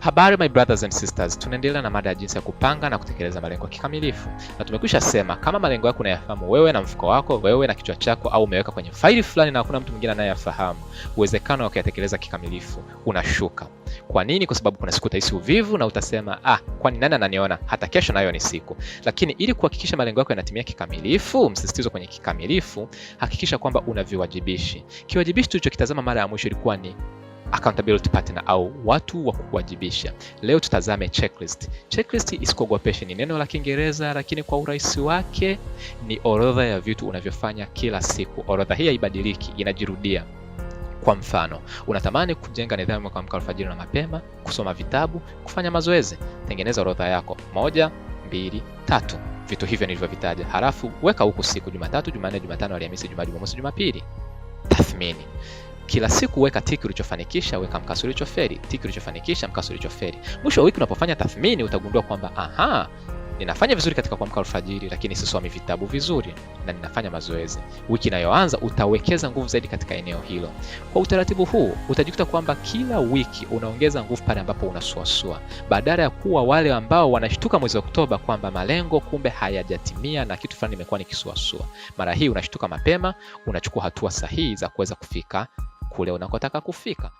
Habari my brothers and sisters, tunaendelea na mada ya jinsi ya kupanga na kutekeleza malengo ya kikamilifu, na tumekwisha sema kama malengo yako unayafahamu wewe na mfuko wako wewe na kichwa chako, au umeweka kwenye faili fulani na hakuna mtu mwingine anayeyafahamu, uwezekano wa kuyatekeleza kikamilifu unashuka. Kwa nini? Kwa sababu kuna siku utahisi uvivu na utasema ah, kwani nani ananiona? Hata kesho nayo ni siku. Lakini ili kuhakikisha malengo yako yanatimia kikamilifu, msisitizo kwenye kikamilifu, hakikisha kwamba una viwajibishi. Kiwajibishi tulichokitazama mara ya mwisho ilikuwa ni accountability partner au watu wa kuwajibisha. Leo tutazame checklist. Checklist isikuogopeshe, ni neno la Kiingereza lakini kwa urahisi wake ni orodha ya vitu unavyofanya kila siku. Orodha hii haibadiliki, inajirudia. Kwa mfano, unatamani kujenga nidhamu ya kuamka alfajiri na mapema, kusoma vitabu, kufanya mazoezi, tengeneza orodha yako: moja, mbili, tatu. Vitu hivyo nilivyovitaja, halafu weka huku siku: Jumatatu, Jumanne, Jumatano, Alhamisi, Ijumaa, Jumamosi, Jumapili. Tathmini kila siku weka tiki ulichofanikisha, weka mkasa ulichoferi, tiki ulichofanikisha, mkasa ulichoferi. Mwisho wa wiki unapofanya tathmini utagundua kwamba aha, ninafanya vizuri katika kuamka alfajiri, lakini sisomi vitabu vizuri na ninafanya mazoezi. Wiki inayoanza utawekeza nguvu zaidi katika eneo hilo. Kwa utaratibu huu utajikuta kwamba kila wiki unaongeza nguvu pale ambapo unasuasua, badala ya kuwa wale ambao wanashtuka mwezi wa Oktoba kwamba malengo kumbe hayajatimia na kitu fulani nimekuwa nikisuasua. Mara hii unashtuka mapema, unachukua hatua sahihi za kuweza kufika kule unakotaka kufika.